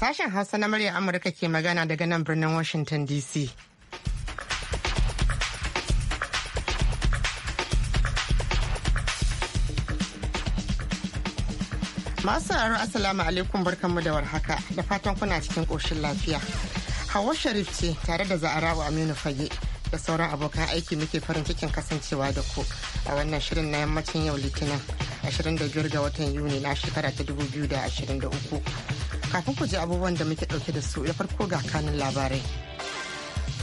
Sashen Hausa na murya Amurka ke magana daga nan birnin Washington DC. Masu aro Assalamu alaikum barkanmu da warhaka da fatan kuna cikin ƙoshin lafiya. Hawa Sharif ce tare da Za'arawa Aminu Fage da sauran abokan aiki muke farin cikin kasancewa da ku a wannan shirin na yammacin yau Litinin 25 ga watan Yuni na shekara ta 2023. kafin ku ji abubuwan da muke ɗauke da su da farko ga kanin labarai.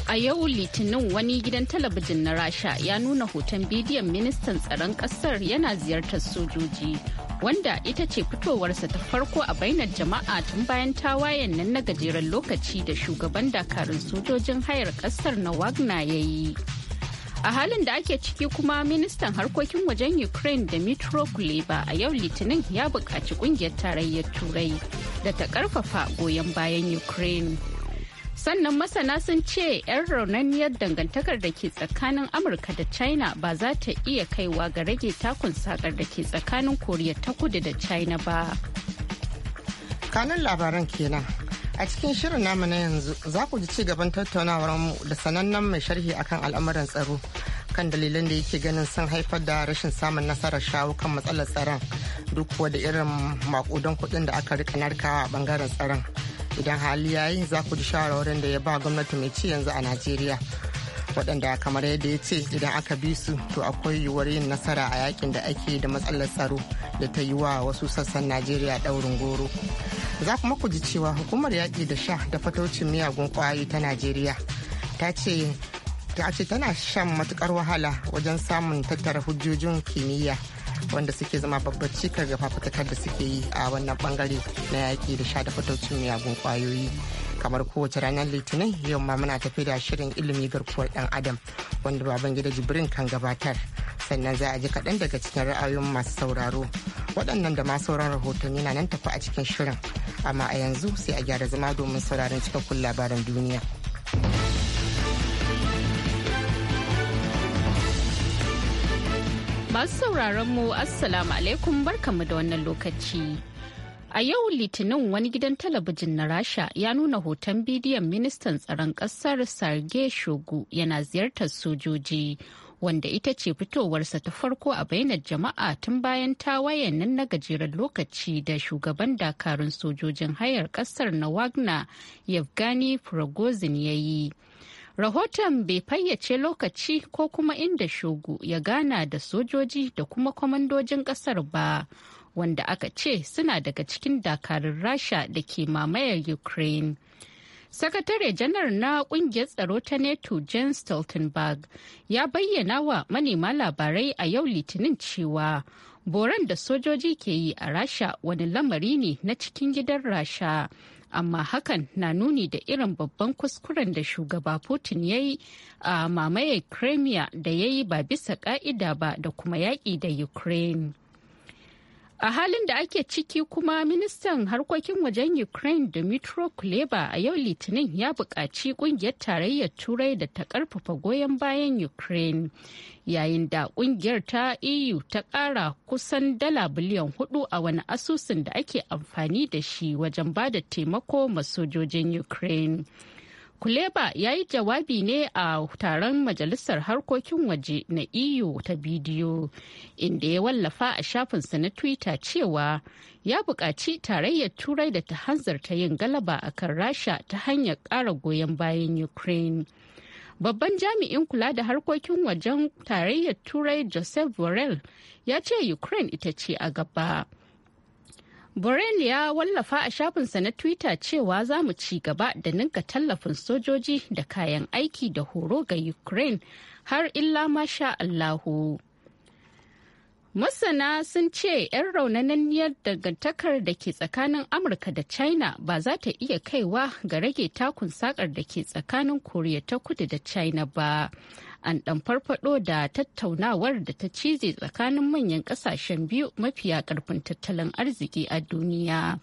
A yau Litinin wani gidan talabijin na Rasha ya nuna hoton bidiyon ministan tsaron kasar yana ziyartar sojoji wanda ita ce fitowarsa ta farko a bainar jama'a tun bayan tawayen nan na gajeren lokaci da shugaban dakarun sojojin hayar kasar na Wagner ya yi. a halin da ake ciki kuma ministan harkokin wajen ukraine da kuleba a yau litinin ya buƙaci ƙungiyar tarayyar turai da ta karfafa goyon bayan ukraine sannan masana sun ce 'yan raunaniyar dangantakar da ke tsakanin amurka da china ba za ta iya kaiwa ga rage takun sakar da ke tsakanin koriya ta kudu da china ba kanun labaran kenan a cikin shirin namu na yanzu za ku ji ci gaban tattaunawar mu da sanannen mai sharhi akan al'amuran tsaro kan dalilan da yake ganin sun haifar da rashin samun nasarar shawo kan matsalar tsaron duk kuwa da irin makudan kuɗin da aka rika narkawa a bangaren tsaron idan hali ya yi za ku ji shawarwarin da ya ba gwamnati mai ci yanzu a najeriya waɗanda kamar yadda ya ce idan aka bi su to akwai yiwuwar yin nasara a yakin da ake da matsalar tsaro da ta yi wa wasu sassan najeriya ɗaurin goro za kuma ku ji cewa hukumar yaƙi da sha da fatocin miyagun ƙwayoyi ta najeriya ta ce ta ce tana shan matukar wahala wajen samun tattara hujjojin kimiyya wanda suke zama babbar cikar ga fafutukar da suke yi a wannan bangare na yaki da sha da fitocin miyagun kwayoyi kamar kowace ranar litinin yau ma muna tafi da shirin ilimi garkuwar dan adam wanda baban gida jibrin kan gabatar sannan za a ji kaɗan daga cikin ra'ayoyin masu sauraro waɗannan da ma sauran rahotanni na nan tafi a cikin shirin amma a yanzu sai a gyara zama domin sauraron cikakkun labaran duniya. Masu sauraron mu Assalamu alaikum barkamu da wannan lokaci. A yau Litinin wani gidan talabijin na Rasha ya nuna hoton bidiyon ministan tsaron kasar Sarge Shogu yana ziyartar sojoji. Wanda ita ce fitowarsa ta farko a bainar jama'a tun bayan tawayen nan na gajeren lokaci da shugaban dakarun sojojin hayar kasar na Wagner yevgani Prigozhin ya yi. Rahoton bai fayyace lokaci ko kuma inda shugu ya gana da sojoji da kuma kwamandojin kasar ba, wanda aka ce suna daga cikin dakarun Rasha da ke mamayar Ukraine. sakatare janar na kungiyar tsaro ta neto jen stoltenberg ya bayyana wa manema labarai a yau litinin cewa boran da sojoji ke yi a rasha wani lamari ne na cikin gidan rasha amma hakan na nuni da irin babban kuskuren da shugaba putin ya yi a mamaye crimea da ya yi ba bisa ka'ida ba da kuma yaƙi da ukraine a halin da ake ciki kuma ministan harkokin wajen ukraine dmitry kuleba a yau litinin ya buƙaci ƙungiyar tarayyar turai da ta ƙarfafa goyon bayan ukraine yayin da kungiyar ta eu ta kara kusan dala biliyan hudu a wani asusun da ake amfani da shi wajen ba da taimako masojojin ukraine kuleba ya yi jawabi ne a taron majalisar harkokin waje na eu ta bidiyo inda ya wallafa a shafinsa na twitter cewa ya buƙaci tarayyar turai da ta hanzarta yin galaba akan rasha ta hanyar ƙara goyon bayan ukraine babban jami'in kula da harkokin wajen tarayyar turai joseph borrell ya ce ukraine ita ce a gaba borrell ya wallafa a shafinsa na twitter cewa za mu ci gaba da ninka tallafin sojoji da kayan aiki da horo ga ukraine har illa masha allahu Masana sun ce 'yan raunananniyar dangantakar da ke tsakanin Amurka da China ba za ta iya kaiwa ga rage takun sakar da ke tsakanin Koriya ta kudu da China ba. an ɗan farfado da tattaunawar da ta cize tsakanin manyan ƙasashen biyu mafiya ƙarfin tattalin arziki a duniya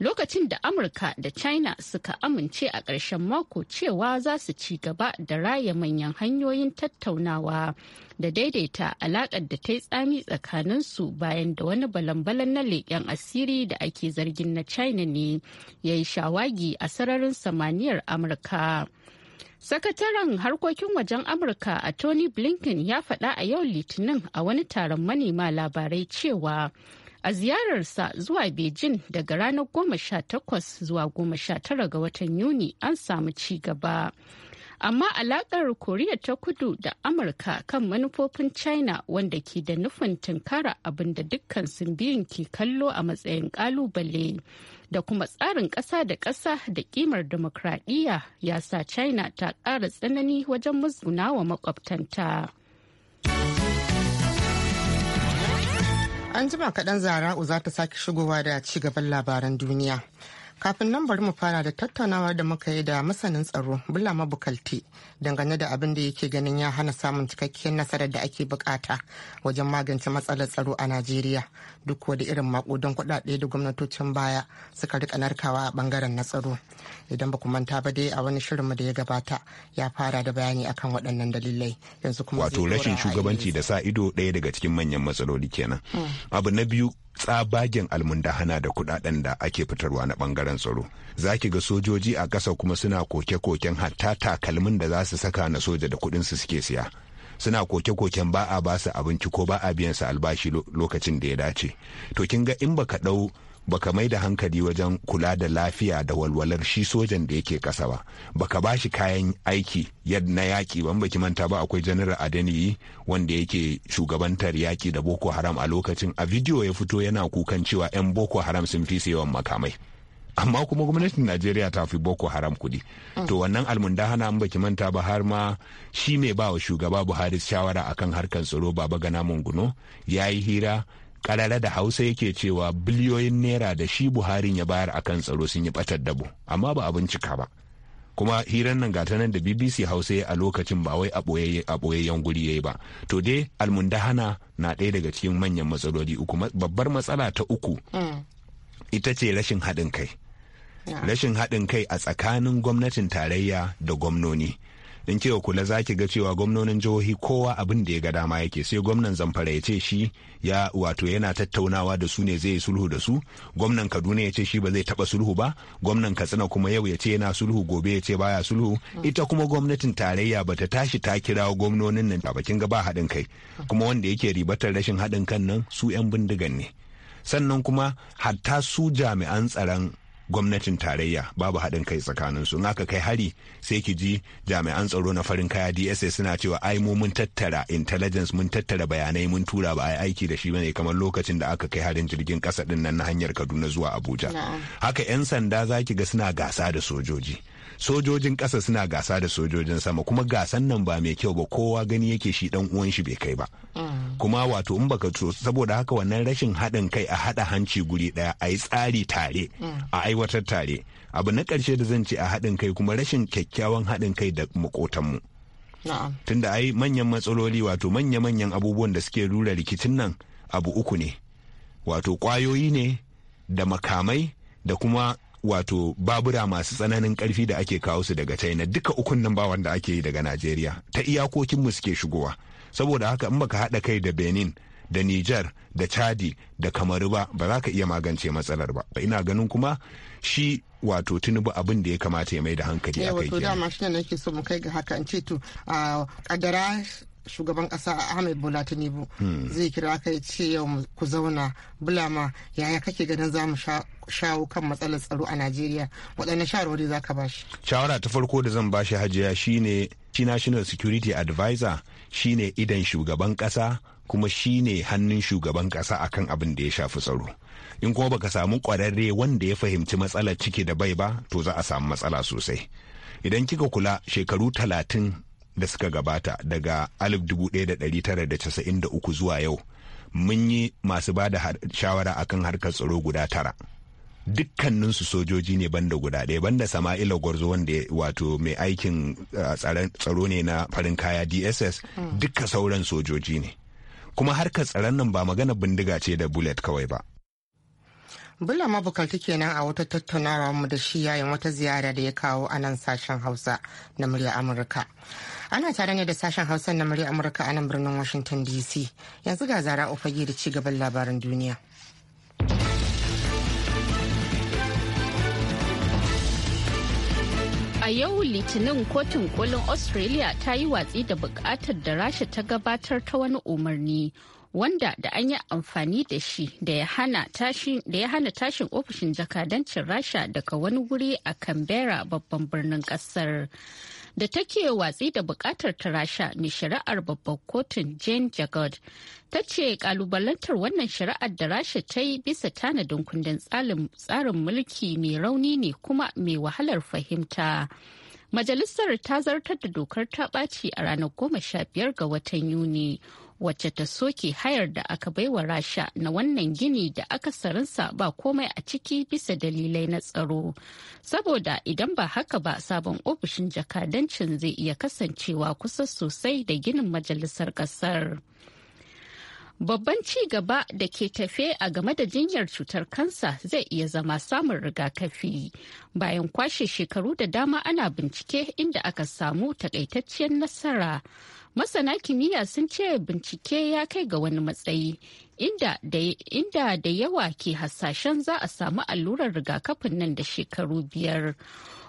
lokacin da amurka da china suka amince a ƙarshen mako cewa za su ci gaba da raya manyan hanyoyin tattaunawa da daidaita alaƙar da ta yi tsami tsakanin su bayan da wani balan-balan na leƙen asiri da ake zargin na china ne ya yi shawagi a sararin samaniyar amurka Sakataren harkokin wajen Amurka a Tony Blinken ya faɗa a yau Litinin a wani taron manema labarai cewa a ziyararsa zuwa Beijing daga ranar goma sha takwas zuwa goma sha tara ga watan Yuni an samu ci gaba. amma alakar koriya ta kudu da amurka kan manufofin china wanda ke da nufin tunkara abinda dukkan sun biyun ke kallo a matsayin kalubale da kuma tsarin ƙasa da ƙasa da kimar demokradiyya ya sa china ta ƙara tsanani wajen wa makwabtanta. an jima kaɗan zara'u za ta sake shigowa da ci gaban labaran duniya kafin nan bari mu fara da tattaunawar da muka yi da masanin tsaro bula mabukalti dangane da abin da yake ganin ya hana samun cikakkiyar nasarar da ake bukata wajen magance matsalar tsaro a najeriya duk da irin makudan kuɗaɗe da gwamnatocin baya suka rika narkawa a bangaren na tsaro idan ba ku manta ba dai a wani shirin mu da ya gabata ya fara da bayani akan waɗannan dalilai yanzu kuma wato rashin shugabanci da sa ido ɗaya daga cikin manyan matsaloli kenan hmm. abu na biyu tsabagen almundahana da kudaden da ake fitarwa na bangaren tsaro za ki ga sojoji a ƙasa kuma suna koke-koken hatta takalmin da za su saka na soja da kuɗin su suke siya suna koke-koken ba a basu abinci ko ba a biyan su albashi lokacin da ya dace to kin ga in baka ɗau baka mai da hankali wajen kula da lafiya da walwalar shi sojan da yake kasa ba baka ba shi kayan aiki yadda na yaƙi ban baki manta ba akwai janar adeniyi wanda yake shugabantar yaƙi da boko haram a lokacin a bidiyo ya fito yana kukan cewa 'yan boko haram sun fi yawan makamai amma kuma gwamnatin najeriya ta fi boko haram kudi mm. to wannan almunda hana an baki manta ba har ma shi mai ba wa shugaba buhari shawara akan harkar tsaro baba gana munguno ya yi hira karara da hausa yake cewa biliyoyin naira da shi buharin ya bayar a kan tsaro sun yi batar dabo amma ba a bincika ba kuma hirar nan gata nan da bbc hausa a lokacin ba wai a ɓoyayyen guri ya yi ba to dai almundahana na ɗaya daga cikin manyan matsaloli uku babbar matsala ta uku mm. ita ce rashin haɗin kai ah. rashin haɗin kai a tsakanin gwamnatin tarayya da gwamnoni in kewa kula za ki ga cewa gwamnonin jihohi kowa abin da ya ga dama yake sai gwamnan zamfara ya ce shi ya wato yana tattaunawa da su ne zai sulhu da su gwamnan kaduna ya ce shi ba zai taba sulhu ba gwamnan katsina kuma yau ya ce yana sulhu gobe ya ce baya sulhu mm. ita kuma gwamnatin tarayya ba ta tashi ta kirawa gwamnonin nan bakin ga ba haɗin kai kuma wanda yake ribatar rashin haɗin kan nan su 'yan bindigan ne sannan kuma hatta su jami'an tsaron gwamnatin tarayya babu haɗin kai tsakanin su aka kai hari sai ki ji jami'an tsaro na farin kaya DSA suna cewa ai mu mun tattara intelligence mun tattara bayanai mun tura ba ai aiki da shi bane kamar lokacin da aka kai harin jirgin ƙasa din nan na hanyar Kaduna zuwa Abuja haka 'yan sanda zaki ga suna gasa da sojoji sojojin ƙasa suna gasa da sojojin sama kuma gasan nan ba mai kyau ba kowa gani yake shi dan uwan shi bai kai ba mm. kuma wato in baka so saboda haka wannan rashin haɗin kai a haɗa hanci guri ɗaya a yi tsari tare mm. a aiwatar tare abu na ƙarshe da zan ce a haɗin kai kuma rashin kyakkyawan haɗin kai da makotanmu tunda ai manyan matsaloli wato manya-manyan abubuwan da suke rura rikicin nan abu uku ne wato kwayoyi ne da makamai da kuma wato babura masu tsananin karfi da ake kawo su daga china duka ukun nan ba wanda ake yi daga najeriya ta iyakokin mu suke shigowa saboda haka in baka haɗa kai da benin da niger da chadi da kamaru ba ba za ka iya magance matsalar ba ina ganin kuma shi wato tunubu abin da ya kamata ya mai da hankali a kai kenan. wato dama shi ne nake so mu kai ga haka in ce to a kadara shugaban kasa ahmed bola tinubu hmm. zai kira ka ce yau ku zauna bulama yaya kake ganin za mu shawo kan matsalar tsaro a najeriya waɗanne shawarwari za ka ba shi shawara ta farko da zan ba shi hajiya shine shi national security advisor shine idan shugaban kasa kuma shine hannun shugaban kasa akan abin da ya shafi tsaro in kuma baka samu kwararre wanda ya fahimci matsalar ciki da bai ba to za a samu matsala sosai idan kika kula shekaru talatin da suka gabata daga 1993 zuwa yau mun yi masu ba da shawara akan harkar tsaro guda tara dukkaninsu sojoji ne banda guda ɗaya banda sama'ila gwarzo wanda wato mai aikin uh, tsaro ne na farin kaya dss hmm. duka sauran sojoji ne kuma harkar tsaron nan ba magana bindiga ce da bullet kawai ba Bulla bukatu kenan a wata tattaunawa mu da shi yayin wata ziyara da ya kawo a nan sashen Hausa na murya Amurka. Ana tare ne da sashen Hausa na murya Amurka a nan birnin Washington DC. Yanzu ga zara ofage da ci gaban labaran duniya. A yau Litinin kotun kolin Australia ta yi watsi da bukatar da Rasha ta gabatar ta wani umarni wanda da an yi amfani da shi da ya hana tashin ofishin jakadancin rasha daga wani wuri a canberra babban birnin kasar da take watsi da bukatar ta rasha mai shari'ar babban kotun jane jagod ta ce kalubalantar wannan shari'ar da rasha ta yi bisa tanadin kundin tsarin mulki mai rauni ne kuma mai wahalar fahimta. Majalisar ta zartar da dokar ta ɓaci a ranar goma sha biyar ga watan Yuni wacce ta soke hayar da aka baiwa rasha na wannan gini da aka sarinsa ba komai a ciki bisa dalilai na tsaro saboda idan ba haka ba sabon ofishin jakadancin zai iya kasancewa kusa sosai da ginin majalisar kasar babban ci gaba da ke tafe a game da jinyar cutar kansa zai iya zama samun rigakafi bayan kwashe shekaru da dama ana bincike inda aka samu takaitacciyar nasara masana kimiyya sun ce bincike ya kai ga wani matsayi inda da yawa ke hasashen za a samu allurar rigakafin nan da shekaru biyar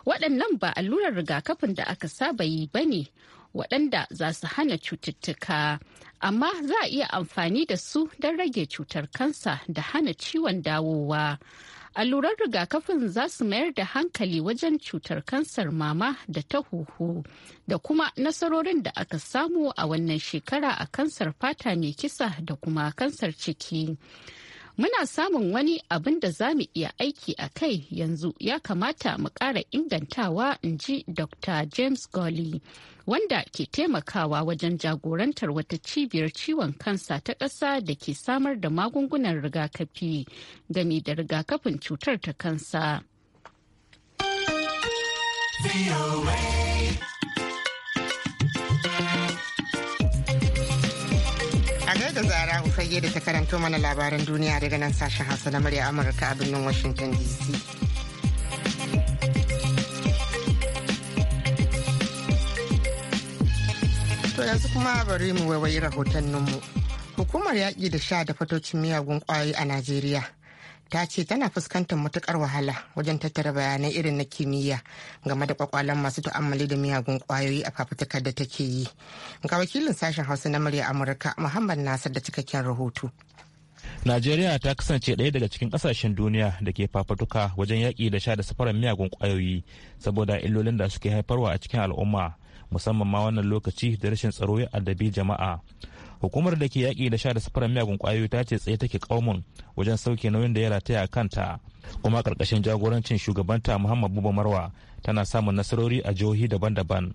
waɗannan ba allurar rigakafin da aka saba yi ba ne waɗanda za su hana cututtuka amma za a iya amfani da su don rage cutar kansa da hana ciwon dawowa allurar rigakafin za su mayar da hankali wajen cutar kansar mama da ta huhu da kuma nasarorin da aka samu a wannan shekara a kansar fata mai kisa da kuma kansar ciki muna samun wani abin da za mu iya aiki a kai yanzu ya kamata mu ƙara ingantawa in ji dr james goley wanda ke taimakawa wajen jagorantar wata cibiyar ciwon kansa ta ƙasa da ke samar da magungunan rigakafi game da rigakafin cutar ta kansa. zara fage da ta karanto mana labaran duniya daga nan sashen hausa na murya amurka a birnin washington dc To yanzu kuma bari mu waiwayi rahotanninmu. Hukumar yaƙi da sha da fatocin miyagun ƙwayoyi a Najeriya ta ce tana fuskantar matukar wahala wajen tattara bayanai irin na kimiyya game da kwakwalan masu ta'ammali da miyagun ƙwayoyi a fafutukar da take yi. Ga wakilin sashen Hausa na murya Amurka Muhammad Nasir da cikakken rahoto. Najeriya ta kasance ɗaya daga cikin ƙasashen duniya da ke fafatuka wajen yaƙi da sha da safarar miyagun ƙwayoyi saboda illolin da suke haifarwa a cikin al'umma musamman ma wannan lokaci da rashin tsaro ya addabi jama'a hukumar da ke yaƙi da sha da safarar miyagun ƙwayoyi ta ce tsaye take ƙaumin wajen sauke nauyin da ya rataya a kanta kuma ƙarƙashin jagorancin shugabanta muhammad buba marwa tana samun nasarori a jihohi daban-daban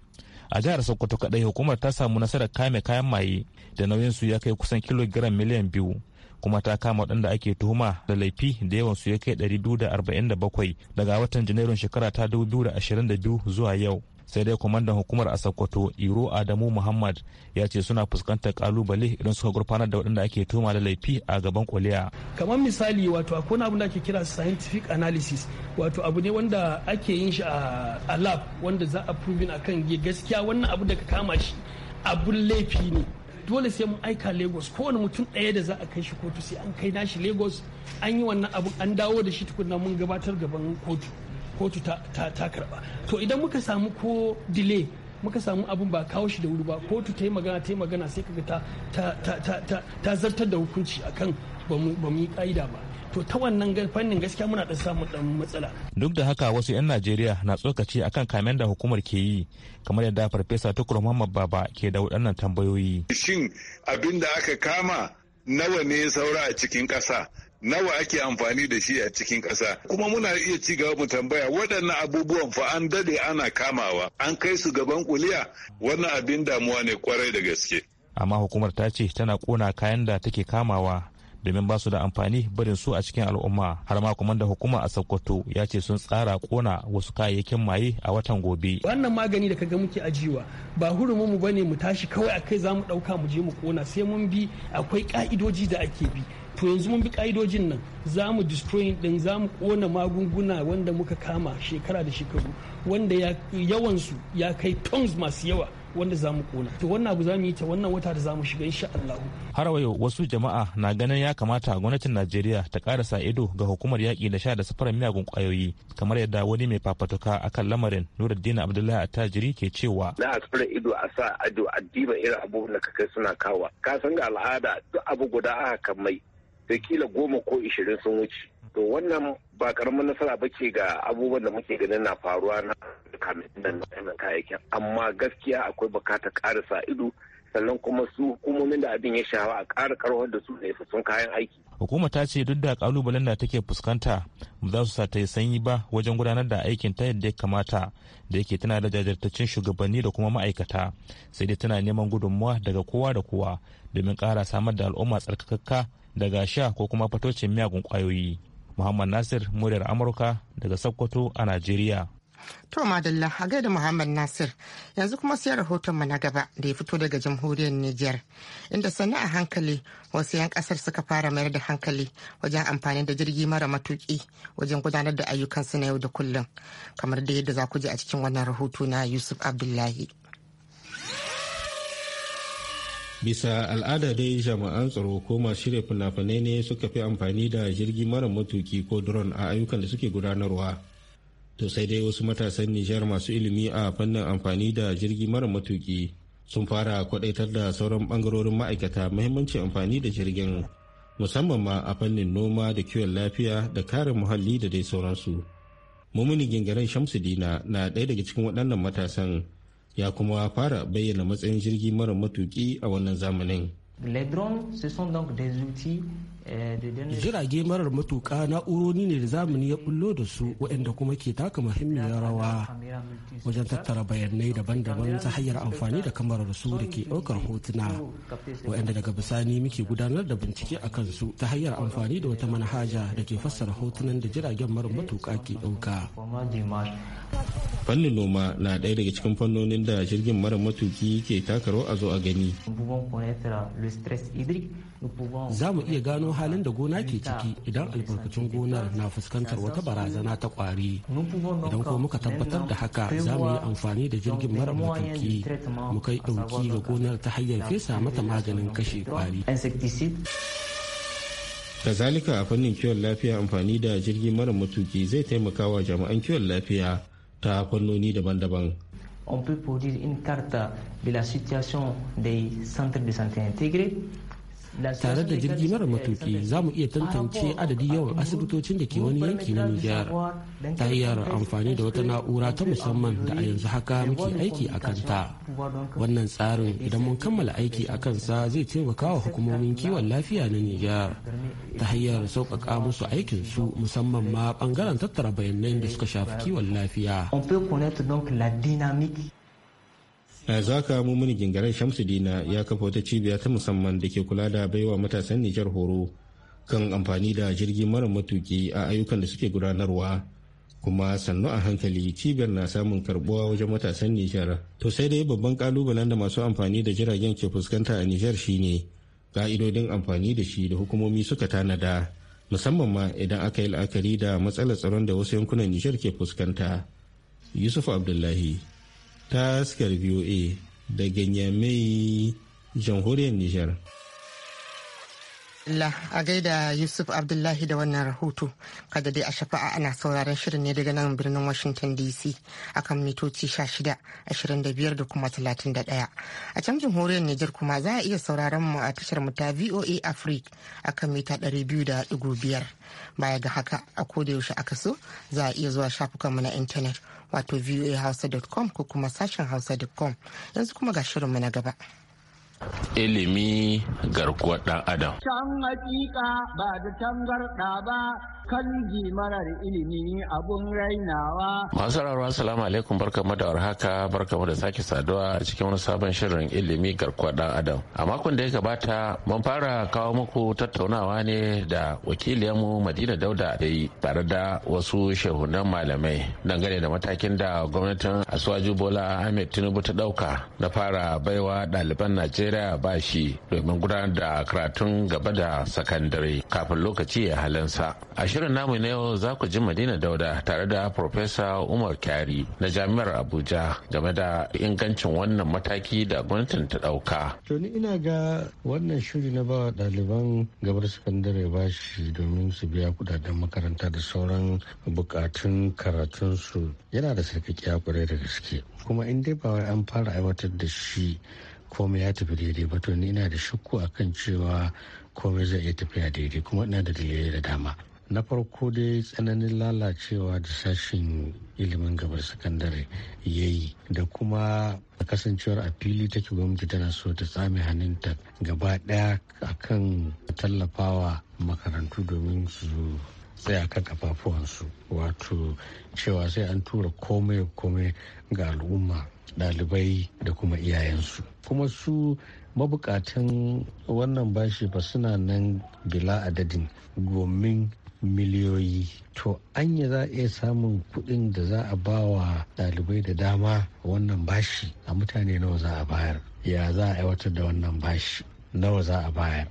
a jihar sokoto kaɗai hukumar ta samu nasarar kame kayan maye da nauyin su ya kai kusan kilogiram miliyan biyu kuma ta kama waɗanda ake tuhuma da laifi da yawan su ya kai 247 daga watan janairun shekara ta 2022 zuwa yau sai dai kwamandan hukumar a sokoto iro adamu muhammad ya ce suna fuskantar kalubale idan suka gurfanar da waɗanda ake tuma da laifi a gaban kwaliya kamar misali wato a abin da ake kira scientific analysis wato abu ne wanda ake yin shi a lab wanda za a proving akan gaskiya wannan abu da ka kama shi abun laifi ne dole sai mun aika lagos kowane mutum ɗaya da za a kai shi kotu sai an kai nashi lagos an yi wannan abu an dawo da shi tukunna mun gabatar gaban kotu kotu ta karba to idan muka samu ko delay muka samu abin ba kawo shi da wuri ba kotu ta yi magana ta yi magana sai kaga ta ta zartar da hukunci akan ba mu yi ka'ida ba to ta wannan fannin gaskiya muna da samun dan matsala. Duk da haka wasu 'yan Najeriya na tsokaci akan kamen da hukumar ke yi kamar yadda farfesa tukur Muhammad Baba ke da waɗannan tambayoyi. Shin abin da aka kama nawa ne saura a cikin ƙasa nawa ake amfani da shi a cikin ƙasa kuma muna iya ci gaba mu tambaya waɗannan abubuwan fa an dade ana kamawa an kai su gaban kuliya wannan abin damuwa ne kwarai da gaske amma hukumar ta ce tana kona kayan da take kamawa domin ba su da amfani barin su a cikin al'umma har ma kuma da hukuma a Sokoto ya ce sun tsara kona wasu kayayyakin maye a watan gobe. Wannan magani da kaga muke ajiwa ba hurumin mu bane mu tashi kawai akai zamu mu dauka mu je mu kona sai mun bi akwai ka'idoji da ake bi to yanzu mun bi ka'idojin nan za mu destroying din za mu kona magunguna wanda muka kama shekara da shekaru wanda yawansu ya kai tons masu yawa wanda za mu kona to wannan abu za mu yi ta wannan wata da za mu shiga insha Allah har wayo wasu jama'a na ganin ya kamata gwamnatin Najeriya ta ƙara sa ido ga hukumar yaƙi da sha da safarar miyagun ƙwayoyi kamar yadda wani mai fafatuka akan lamarin Nuruddin Abdullahi Attajiri ke cewa na a ido a sa ado a diba irin abubuwan da kai suna kawa ka san ga al'ada duk abu guda aka mai sai kila goma ko ishirin sun wuce to wannan ba karamin nasara ba ce ga abubuwan da muke ganin na faruwa na kamitin nan kayayyakin amma gaskiya akwai bukatar sa ido sannan kuma su hukumomin da abin ya shawa a ƙara karwar da su ne sun kayan aiki. Hukuma ta ce duk da kalubalen da take fuskanta ba za su sa yi sanyi ba wajen gudanar da aikin ta yadda ya kamata da yake tana da jajirtaccen shugabanni da kuma ma'aikata sai dai tana neman gudunmuwa daga kowa da kowa domin kara samar da al'umma tsarkakakka daga sha ko kuma fatocin miyagun kwayoyi. Muhammad Nasir muryar Amurka daga Sokoto a Najeriya. To madalla a gaida Muhammad Nasir yanzu kuma sai rahotonmu na gaba da ya fito daga jamhuriyar Nijar inda sannu a hankali wasu 'yan kasar suka fara mayar da hankali wajen amfani da jirgi mara matuki wajen gudanar da ayyukansu na yau da kullum kamar da yadda za ku ji a cikin wannan rahoto na Yusuf Abdullahi. bisa al'ada dai jami'an tsaro ko masu shirya fina-finai ne suka fi amfani da jirgi mara matuki ko drone a ayyukan da suke gudanarwa to sai dai wasu matasan nijar masu ilimi a fannin amfani da jirgi mara matuki sun fara kwadaitar da sauran bangarorin ma'aikata muhimmanci amfani da jirgin musamman ma a fannin noma da kiwon lafiya da kare muhalli da dai sauransu mumuni gingaren shamsu dina na ɗaya daga cikin waɗannan matasan ya kuma fara bayyana matsayin jirgi mara matuki a wannan zamanin. Les drones, ce sont donc des outils Eh, jirage marar matuka na'urori ne da zamani ya bullo da su waɗanda kuma ke taka muhimmiyar rawa wajen tattara bayanai daban-daban ta hanyar amfani da kamarar su da ke ɗaukar hotuna waɗanda daga bisani muke gudanar da bincike a kansu ta hanyar amfani da wata manhaja da ke fassara hotunan da jiragen marar matuka ke ɗauka fannin noma na ɗaya daga cikin fannonin da jirgin mara matuki ke taka rawa a zo a gani za mu iya gano halin da gona ke ciki idan albarkacin gonar na fuskantar wata barazana ta kwari idan kuma muka tabbatar da haka za mu yi amfani da jirgin mara matarki mu kai ɗauki ga gonar ta hanyar fesa mata maganin kashe kwari kazalika a fannin kiwon lafiya amfani da jirgin mara matuki zai taimaka wa jami'an kiwon lafiya ta fannoni daban-daban on peut produire une carte de la situation des centres de santé intégrés tare da jirgi mara matuki za mu iya tantance adadi yawan asibitocin da ke wani yanki na nijar ta hanyar amfani da wata na'ura ta musamman da a yanzu haka muke aiki a kanta wannan tsarin idan mun kammala aiki a kansa zai taimaka wa hukumomin kiwon lafiya na nijar ta hanyar sauƙaƙa musu aikin su musamman ma ɓangaren tattara bayanai da suka shafi kiwon lafiya. yanzu haka mumuni Shamsu dina ya kafa wata cibiya ta musamman da ke kula da baiwa matasan nijar horo kan amfani da jirgin mara matuki a ayyukan da suke gudanarwa kuma sannu a hankali cibiyar na samun karbuwa wajen matasan nijar to sai dai babban kalubalen da masu amfani da jiragen ke fuskanta a nijar shine ka'idodin amfani da shi da hukumomi suka tanada musamman ma idan aka yi la'akari da matsalar tsaron da wasu yankunan nijar ke fuskanta yusuf abdullahi ta haskar voa daga nyamai jamhuriyar nijar Madalla a gaida Yusuf Abdullahi da wannan rahoto. Kada dai a shafa'a ana sauraron shirin ne daga nan birnin Washington DC akan mitoci shida, ashirin da kuma 31. A can jamhuriyar Nijar kuma za a iya sauraron mu a tashar mu ta VOA Africa akan mita 200.5. Baya ga haka a koda yaushe aka so za a iya zuwa shafukan mu na intanet wato voahausa.com ko kuma sashen hausa.com yanzu kuma ga shirinmu na gaba. ilimi garkuwar dan adam. Can hakika ba da tangarɗa ba kangi mana da ilimi abun rainawa. Masu rarwa assalamu alaikum barkamu da warhaka barkamu da sake saduwa a cikin wani sabon shirin ilimi garkuwa dan adam. A makon da ya gabata mun fara kawo muku tattaunawa ne da wakiliyanmu Madina Dauda da yi tare da wasu shehunan malamai dangane da matakin da gwamnatin Asuwaju Bola Ahmed Tinubu ta dauka na fara baiwa ɗaliban Najeriya ba shi, domin gudanar da karatun gaba da sakandare kafin lokaci ya halin A shirin namu na yau za ku ji Madina Dauda tare da Profesa Umar Kyari na Jami'ar Abuja game da ingancin wannan mataki da gwamnatin ta dauka. To ina ga wannan shiri na bawa ɗaliban gabar sakandare ba shi domin su biya kudaden makaranta da sauran bukatun karatunsu yana da sarkakiya kwarai da gaske. Kuma in dai ba wai an fara aiwatar da shi komai ya tafi daidai ba to ni ina da shakku akan cewa komai zai iya tafiya daidai kuma ina da dalilai da dama na farko dai tsananin lalacewa da sashen ilimin gabar sakandare ya yi da kuma a kasancewar a fili take gwamnati tana so ta tsame hannunta gaba daya kan tallafawa makarantu domin su tsaya kan kafafuwansu wato cewa sai an tura komai komai ga al'umma dalibai da kuma iyayensu kuma su mabukatan wannan bashi ba suna nan bila adadin gomin miliyoyi to anya za a iya samun kuɗin da za a ba wa ɗalibai da dama wannan bashi a mutane nawa za a bayar ya za a aiwatar da wannan bashi nawa za a bayar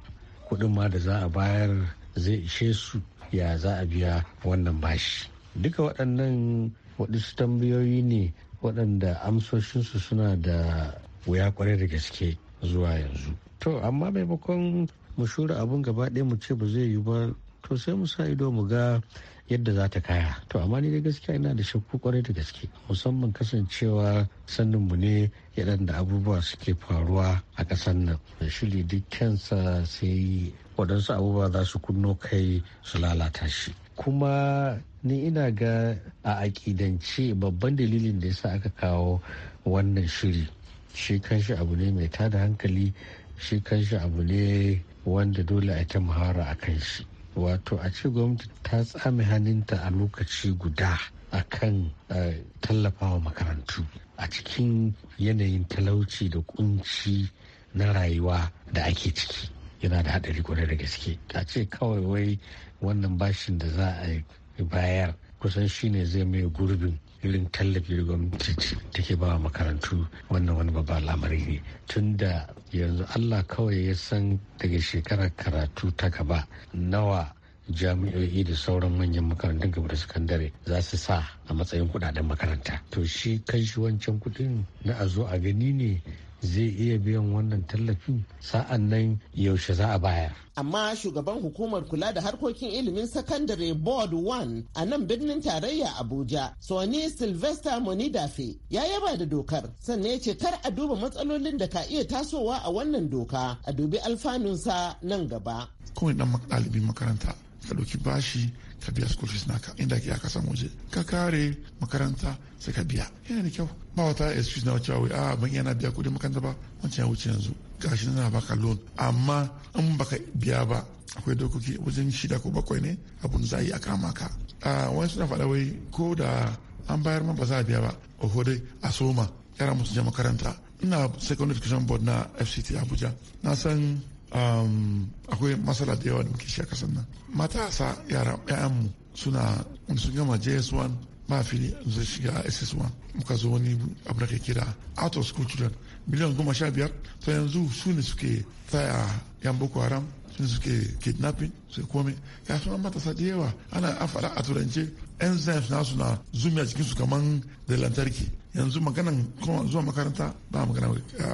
kuɗin ma da za a bayar zai ishe su ya za a biya wannan bashi duka waɗannan waɗansu tambayoyi ne waɗanda amsoshinsu suna da wuya kwarai da gaske zuwa yanzu to amma maimakon mu shura abun gaba ɗaya mu ce ba zai yi ba to sai mu sa ido mu ga yadda za ta kaya to amma ni da gaskiya ina da shakku kwarai da gaske musamman kasancewa sannin mu ne yadan da abubuwa suke faruwa a kasan nan shiri duk kansa sai waɗansu abubuwa za su kunno kai su lalata shi kuma ni ina ga a aƙidance babban dalilin da yasa aka kawo wannan shiri shi kanshi abu ne mai tada hankali shi kanshi abu ne wanda dole a ta muhara a kan shi wato a ce gwamnati ta tsame hannunta a lokaci guda a kan eh, tallafawa makarantu a cikin yanayin talauci da kunci na rayuwa da ake ciki yana da haɗari kwarai da gaske a ce kawai wai wannan bashin da za a bayar kusan shine zai mai gurbin irin tallafi da gwamnati take ba makarantu wannan wani babba lamari ne tun da yanzu allah kawai ya san daga shekarar karatu ta gaba nawa jami'o'i da sauran manyan makarantun gaba da sakandare za su sa a matsayin kudaden makaranta to shi kan shi wancan kudin na a zo a gani ne zai iya biyan wannan tallafin sa'an nan yaushe za a bayar. Amma shugaban hukumar kula da harkokin ilimin sakandare Board 1 a nan birnin tarayya Abuja, Sony Sylvester Monidafe ya yaba da dokar sannan ya ce kar a duba matsalolin da ka iya tasowa a wannan doka a dubi alfanunsa nan gaba. Kowai dan makaranta ka ɗauki bashi ka biya school fees naka inda ke aka samu waje ka kare makaranta sai ka biya yana da kyau ba wata excuse na cewa wai a ah, ban yana biya kudin makaranta ba wancan ya wuce yanzu gashi na baka loan amma in baka biya ba akwai dokoki wajen shida ko bakwai ne abun za a yi a kama ka a ah, wani suna faɗa wai ko da an bayar ma ba za a biya ba oho dai a soma yara musu je makaranta ina second education board na fct abuja na san Um, akwai matsala da yawa da muke shi a kasan nan matasa yaran mu suna wani sun gama js1 ba fili zai shiga ss1 muka zo wani abu da ke kira out of school children miliyan goma sha biyar ta yanzu su ne suke taya yan boko haram su ne suke kidnapping su kome ya suna matasa da yawa ana afara a turance enzymes nasu na zumi a kaman da lantarki yanzu maganan kuma zuwa makaranta ba magana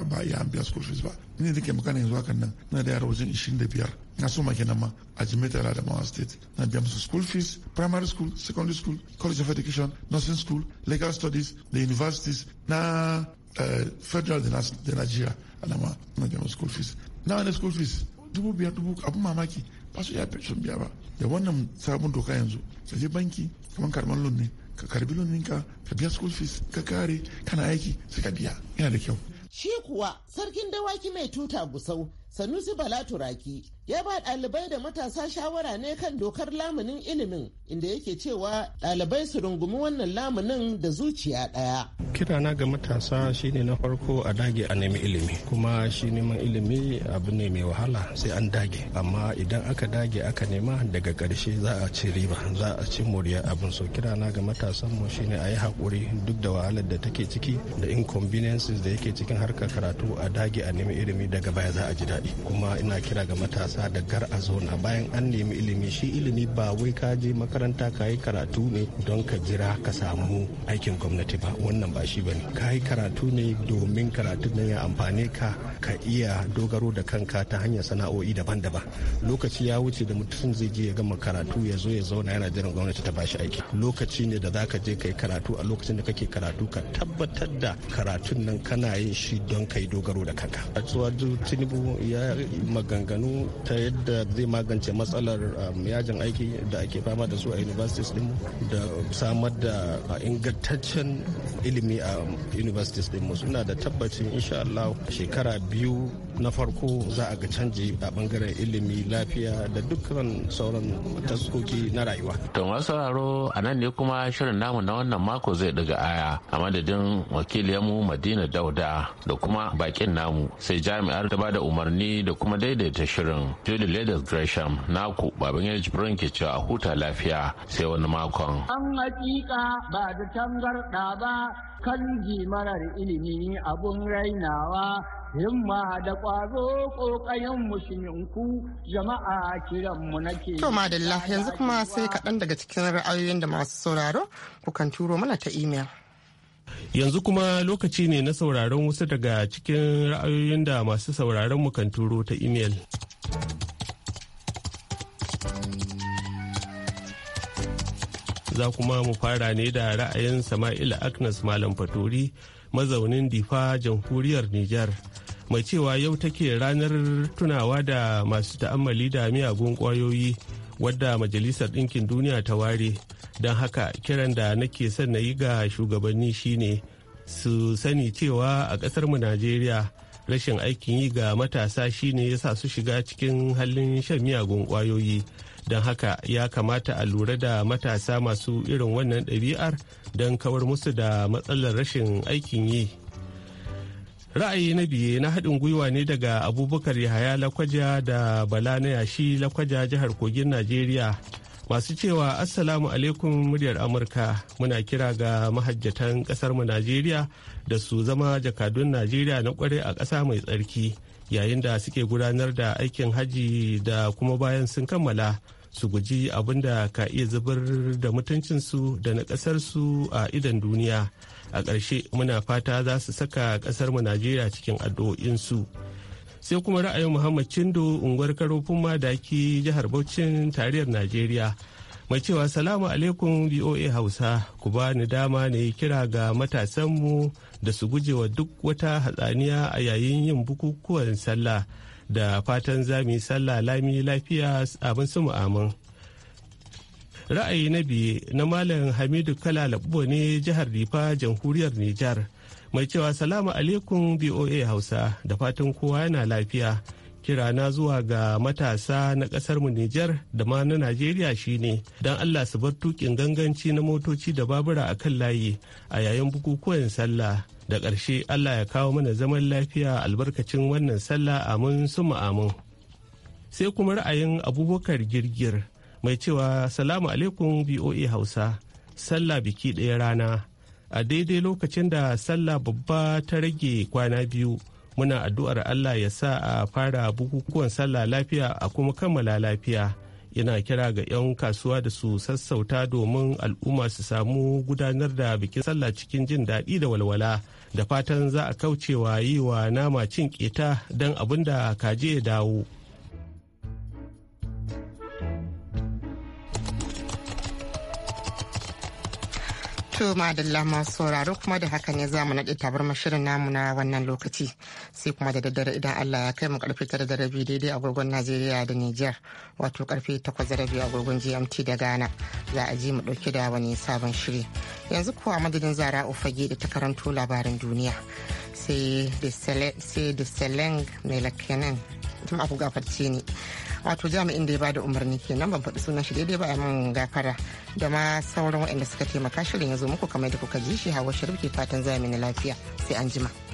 ba ya biya school fees ba ni da ke magana yanzu hakan nan na da yara wajen 25 na so maki nan ma a jimeta da adamawa state na biya musu school fees primary school secondary school college of education nursing school legal studies the universities na eh, federal da nigeria alama na biya musu school fees na wani school fees dubu biyar dubu abun mamaki ba su iya sun biya ba da wannan sabon doka yanzu sai banki kamar karman loan ne ka karbi ka ka biya school fees ka kare kana aiki sai ka biya yana da kyau shi kuwa sarkin dawaki mai tuta gusau sanusi bala turaki ya ba ɗalibai da matasa shawara ne kan dokar lamunin ilimin inda yake cewa ɗalibai su rungumi wannan lamunin da zuciya ɗaya. kirana ga matasa shine na farko a dage a nemi ilimi kuma shi neman ilimi abu ne mai wahala sai an dage amma idan aka dage aka nema daga karshe za a ci riba za a ci moriya abin so kirana ga matasan mu shine a yi haƙuri duk da wahalar da take ciki da inconveniences da yake cikin harkar karatu a dage a nemi ilimi daga baya za a ji daɗi kuma ina kira ga matasa sa da gar a zona bayan an nemi ilimi shi ilimi ba wai ka je makaranta ka yi karatu ne don ka jira ka samu aikin gwamnati ba wannan ba shi bane ka yi karatu ne domin karatu ne ya amfane ka ka iya dogaro da kanka ta hanyar sana'o'i daban-daban lokaci ya wuce da mutum zai je ya gama karatu ya zo ya zauna yana jiran gwamnati ta bashi aiki lokaci ne da zaka je ka yi karatu a lokacin da kake karatu ka tabbatar da karatun nan kana yin shi don ka yi dogaro da kanka a tinubu ya maganganu ta yadda zai magance matsalar um, yajin aiki da ake fama da su a universities dinmu da samar da uh, ingantaccen ilimi a um, universities dinmu suna da tabbacin insha Allah shekara biyu na farko za a ga canji a bangaren ilimi lafiya da dukkan sauran taskoki na rayuwa to masu sauraro a nan ne kuma shirin namu na wannan mako zai daga aya a madadin wakiliyanmu madina dauda da kuma bakin namu sai jami'ar ta bada umarni da kuma daidaita shirin julie ladies gresham naku baban yaji jibrin ke cewa a huta lafiya sai wani makon an hakika ba da tangarda ba kanji marar ilimi abun rainawa himma da ƙwazo ƙoƙayen musulminku jama'a kiranmu nake. To madalla yanzu kuma sai kaɗan daga cikin ra'ayoyin da masu sauraro kukan turo mana ta imel. Yanzu kuma lokaci ne na sauraron wasu daga cikin ra'ayoyin da masu sauraron mu kan turo ta imel. za kuma mu fara ne da ra'ayin sama'il agnes malam fatori mazaunin difa jamhuriyar niger mai cewa yau take ranar tunawa da masu ta'ammali da miyagun kwayoyi wadda majalisar ɗinkin duniya ta ware don haka kiran da nake son na yi ga shugabanni shine su sani cewa a ƙasarmu najeriya rashin aikin yi ga matasa shine ya sa su shiga cikin halin shan miyagun kwayoyi. don haka ya kamata a lura da matasa masu irin wannan ɗabi'ar don kawar musu da matsalar rashin aikin yi ra'ayi na biye na haɗin gwiwa ne daga abubakar yahaya lakwaja da bala na yashi lakwaja jihar kogin najeriya masu cewa assalamu alaikum muryar amurka muna kira ga mahajjatan ƙasarmu najeriya da su zama jakadun najeriya na kware a ƙasa mai tsarki yayin da suke gudanar da aikin hajji da kuma bayan sun kammala su guji abin da ka iya zubar da mutuncinsu da na ƙasarsu a idan duniya a ƙarshe muna fata za su saka ƙasarmu najeriya cikin addu'o'insu sai kuma ra'ayin muhammad cindo unguwar karofin madaki jihar Bauchin tariyar najeriya mai cewa salamu alaikum voa hausa ku ba ni dama ne kira ga matasanmu da su gujewa duk wata hatsaniya a yayin yin bukukuwan sallah da fatan za mu yi sallah lami lafiya abin su amin. Ra'ayi na biye na Malam Hamidu Kala Labuwa ne jihar Rifa jamhuriyar Nijar mai cewa salamu alaikum BOA Hausa da fatan kowa yana lafiya. kirana zuwa ga matasa na kasar mu Nijar da ma na Najeriya shine don Allah su bar tukin ganganci na motoci da babura a kan layi a yayin bukukuwan sallah da ƙarshe Allah ya kawo mana zaman lafiya albarkacin wannan sallah amin suma amin. Sai kuma ra'ayin abubakar girgir mai cewa salamu alaikum BOA Hausa sallah biki ɗaya rana a daidai lokacin da sallah babba ta rage kwana biyu. muna addu'ar allah ya sa a fara bukukuwan sallah lafiya a kuma kammala lafiya yana kira ga 'yan kasuwa da su sassauta domin al'umma su samu gudanar da bikin sallah cikin jin daɗi da walwala da fatan za a kaucewa yi wa nama cin keta don abin da kaje ya dawo To madalla masu sauraro kuma da haka ne zamu naɗe tabar shirin namu na wannan lokaci sai kuma da daddare idan Allah ya kai mu karfe tara da rabi daidai agogon Najeriya da Nijar wato karfe takwas da rabi agogon GMT da Ghana za a ji mu ɗauki da wani sabon shiri. Yanzu kuwa madadin zara ufage da ta karanto labarin duniya sai da Seleng mai lakiyanan tun abu gafarci ne. wato jami'in da ya bada umarni kenan ban faɗi sunan shi daidai ba a man gafara da ma sauran waɗanda suka taimaka shirin ya zo muku kamar da kuka ji shi hawa shirif ke fatan zamani lafiya sai an jima.